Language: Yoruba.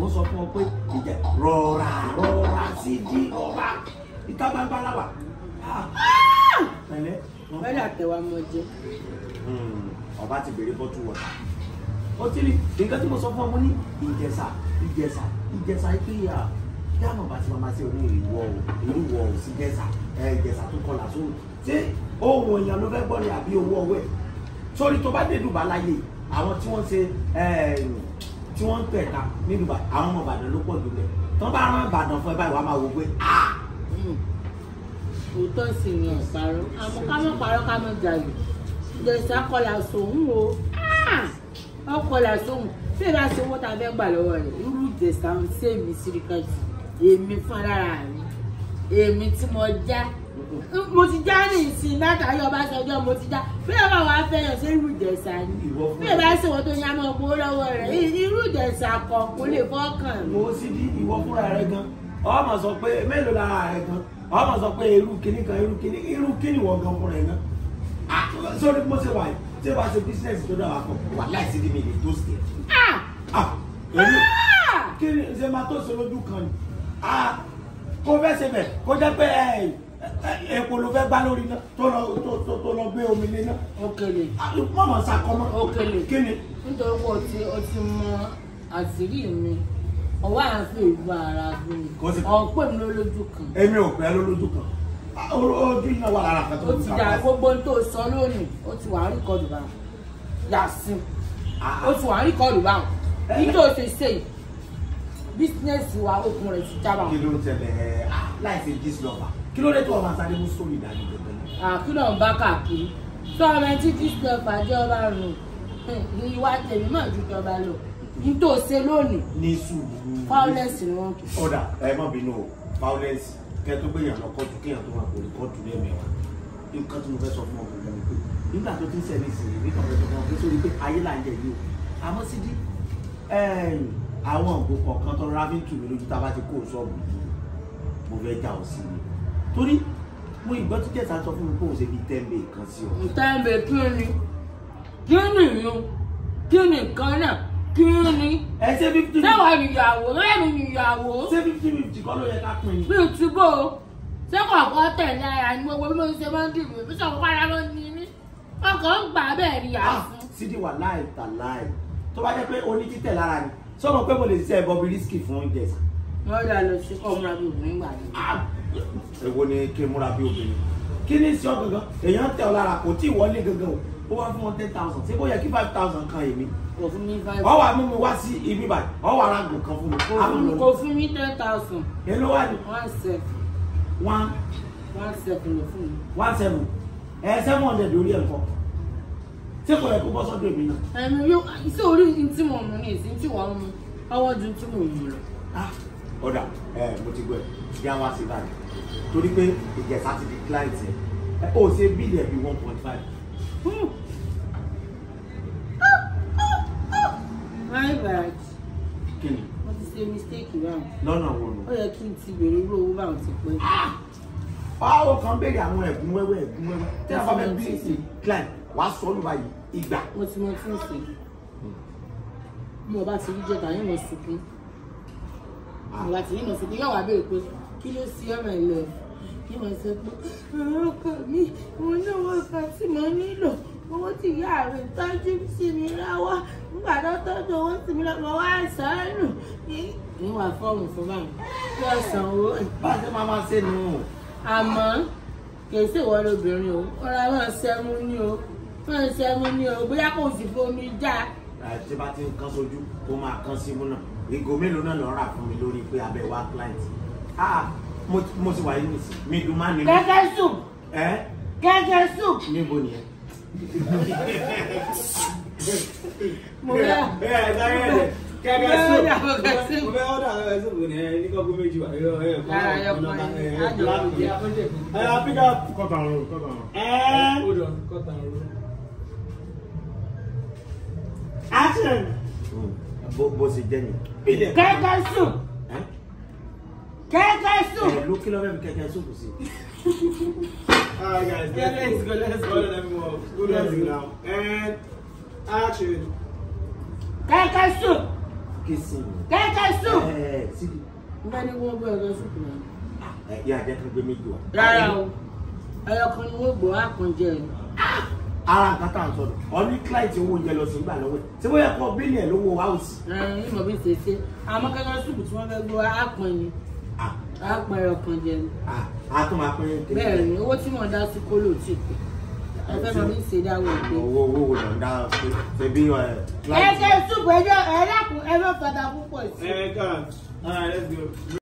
mo sọ fún ọ pé ìjà rọra rọra sí di ọba ìta gbangba la wà. Ah! pẹ̀lú àtẹ̀wá mọ jẹ. Hmm, ọba ti bèrè bọ́tù wọ̀ ọ tí nǹkan tí mo sọ fún ọ mo ní ìjẹsà ìjẹsà ìjẹsà ìpínyà dáná bá ti máa ṣe òun ìwọ ìrúwọ òsì jẹsà ẹ jẹsà tó kọlà sóhùn tí ohun èèyàn ló fẹ́ gbọ́ ni àbí owó ọwọ́ ẹ̀ sórí tó bá dé dùbà láyé àwọn tí wọ́n ṣe tí wọ́n ń pẹ̀ka ní Dubai àwọn ọmọ Ìbàdàn ló pọ̀ jù bẹ̀ tán bá rán Ìbàdàn fún ẹ báyìí wàá máa wò pé a. Ah! òótọ́ sì ni ọ̀parọ́ àmọ́ ká mọ̀ parọ́ ká mọ̀ jàlè ìjẹsà kọlà sòun o ah! ọkọlà sòun tí ìbá ṣe owó tá a fẹ́ gbà lọ́wọ́ rẹ̀ irú ìjẹsà ń ṣe èmi síríkà jù èmi fún alára rẹ̀ èmi tí mo já mo ti já ní ìsìn látàrí ọbásanjọ́ mo ti já bí ọba wa fẹ́yàn sí irú ìjẹ̀sà ni bí ìbá ṣe wọ́n tó yá mọ́ ọkọ̀ lọ́wọ́ rẹ̀ irú ìjẹ̀sà kan kò lè fọ́kàn. mo sì di ìwọ fúnra rẹ gan ọmọ sọ pé mélòó lára rẹ gan ọmọ sọ pé irú kíní kan irú kíní irú kíní wọ gan fúnra rẹ gan sórí mo ṣe wà yìí tí o ṣe business tó dára pọ̀ wà láìsí ní mi lè tó sí ẹ. kí ni ṣe máa tó ṣe lójú kan ni kó fẹ́ ṣe bẹ̀ kó jẹ́ pé èpo ló fẹ́ gbá lórí náà tó lọ tó lọ gbé omi lé náà. òkèlè mọ̀mọ́ sàkọ́mọ́. òkèlè kí ni. nítorí pé o ti o ti mọ àṣírí mi ọwọ́ àfi ìlú ara mi ọ̀pẹ̀ mi ló lójú kan. èmi ò pẹ́ ló lójú kan ojú iná wà lára kan tó ń sàkóso. o ti dà gbogbo tó sọ lónìí o ti wà á rí kọlù báwọn yà sí ah, ah. o ti wà á rí kọlù báwọn nítorí o ti ṣe yìí. Business wa okun rẹ̀ ti jábà. kí ló ń tẹ̀lé ah, láìsí gist lover kí ló dé tó ọmọ story mú sórí ìdájọ́ gẹ́gẹ́ náà. àkúrò ń bá káàkiri sọ ọmọ ẹni tí gist lover jẹ́ ọba rùn ìwà tèmi mọ̀ ju tọba lọ nítòsí lónìí. ní sùúrù violence ni wọ́n kì í. ọ̀dà ẹ má bínú o violence kẹ́ tó gbéyàn lọ kọ́tù kéèyàn tó máa kórè kọ́tù lẹ́mẹ̀wá nǹkan tí mo fẹ́ sọ fún ọkùnrin mi pé nígbà tó ti ń sẹ́ni ìsìn yìí nígbà tó ti ń sọ fún ọkùnrin sórí pé ayé là ń jẹ yìí o àmọ́ sídìí àwọn nǹkan kọ̀ọ̀kan tó ráfín tù mí lójú tá a bá ti kó sọ́ọ̀bù yìí mo fẹ́ já ọ sí ni torí mo ìgbọ́ tí kẹta sọ fún mi kó o ṣe fi tẹ́ǹbẹ̀ kan sí ọ. tẹ́ǹbẹ̀ kí ni kí ni yun kí ni kan náà kí ni. ẹ ṣe fifty fifty. sẹ́wọ̀n ìyàwó lẹ́nu ìyàwó. ṣé fifty fifty kọ́ ló yẹ ká pín in. bí o ti bò ó ṣé kọ̀ọ̀kan tẹ̀lé ara ni gbogbo bí mo ṣe máa ń dìbò bí sọ̀rọ̀ padà ló ní ní ọkọ̀ ń gbà bẹ́ẹ̀ ni àá fún. sídìí wà láì tà láì tó bá jẹ́ pé oní títẹ̀ lára ni sọmọ pé mo lè ṣe ẹbọ bírísìkì fún oúnjẹ. wọn rà lọ sí kọ múra bí obìnrin gbà yìí. Ah! èwo ni kí n múra bí obìnrin kí ni sọ gangan èèyàn tẹ ọ lára kò tí ì wọlé gangan o ó wá fún wọn ten thousand ṣé kó yẹ kí five thousand kan èmi. kò fún mi five. ọ wà mú mi wá sí ibi báyìí ọ wà arágùn kan fún mi. kò fún mi ten thousand. èló wà ní. one seven. one. one seven ló fún mi. one seven ẹ seven hundred lórí ẹ̀ kọ́ ṣé kò yẹ kó bọ́ sọ́dọ̀ èmi náà. ẹnu yóò sí orí ní tí mo mú ní ìsín tí wọ́n mú ọwọ́ ju tí mo mú lọ. Ah, ọ̀dà ẹ mo ti gbọ́ ẹ̀ bí a wá sí báyìí torí pé ìjẹ̀sà ti di client ẹ̀ ó ṣe bílì ẹ̀ bí one point five. Hmm. my bad. kí ni. mo ti ṣe mistake báwọn. lọ́nà wo lọ. ó yẹ kí n ti bèrè irú owó báwọn ti pẹ́. báwo ah! kan béèrè àwọn ẹ̀gún wẹ́wẹ́ ẹ̀gún wẹ́wẹ́ tí a bá fẹ́ bí client wàá sọ ọ́ lù báyìí ìgbà. mo ti mọ tí mo sì mo bá ti rí jẹta yín mo sunkún ah. mo bá ti rí mo sunkún yóò wá bẹ́ẹ̀ pé kí ló sí ọ̀rọ̀ ẹ̀ lọ kí mo sọ pé ọkọ mi òun náà wọ́n kan tí mo nílò owó tí ìyá rẹ̀ tọ́jú sí mi lọ́wọ́ nígbà tó tọ́jú owó sí mi lọ́wọ́ wá sọ́ọ̀nù níwà fọ́ọ̀mù fún báyìí kí ọ san owó. bá a ṣe máa máa ṣe nù. àmọ́ kì í ṣèwọ́ o ọ̀rọ̀ àwọn ṣẹ́mu ní o fún ẹsẹ̀ ti ń kán sojú kó máa kán sí mú náà ìgò mélòó náà lọ rà fún mi lórí pé abẹ wá client mo ti wà yín nìsín mi dùn má nínú. gẹ́gẹ́ soup. gẹ́gẹ́ soup. níbo nìyẹn. mo yà. ẹ ẹ ẹ gẹ́gẹ́ soup. mo fẹ́ ọ́dà gẹ́gẹ́ soup ni ẹ ní kọ́kọ́ méjì wà. ara yọ pọn ẹ ẹ jọ lọ jẹ. ẹ apíkà. kọ́ta ọ̀run kọ́ta ọ̀run. ẹ ẹ kọ́ta ọ̀run. bó ṣe jẹ́ ni. kẹ́kẹ́ sùn kẹ́kẹ́ sùn. ẹ ló kí lọ́wọ́ mi kẹ́kẹ́ sùn kù sí. guys, ah, let's, let's go, let's go, let everyone. Good let's now. And action. Kẹ́kẹ́ sùn. Kissing. Kẹ́kẹ́ sùn. Ẹ sí. N bá ní wọ́n gbọ́ Yeah, sùn náà. Ah, Ẹ̀yà jẹ́ kí n gbé méjì wá. Rárá o, ẹyọkan ni wọ́n gbọ́ àkànjẹ ara nǹkan tá à ń sọ̀rọ̀ ọdún client owó oúnjẹ lọ sí gbà lọ́wọ́ ṣé bóyá kọ bílíọ̀ ẹ̀ lówó house. ìmọ̀ bí ṣe ṣe àmọ́ kankan súpù tí wọ́n fẹ́ gbọ́ àpọ̀n ni àpọ̀n ẹ̀rọ kan jẹ ni. àtún máa pín in tèmi. bẹ́ẹ̀ ni owó tí wọ́n dá sí kóló tí pé ẹ fẹ́ mọ bí ṣe dáwọ́ ìpè. owó owó wo ló ń dá ṣe bí. ẹ ṣe súpù ẹjọ́ ẹ lákùn ẹ lọ́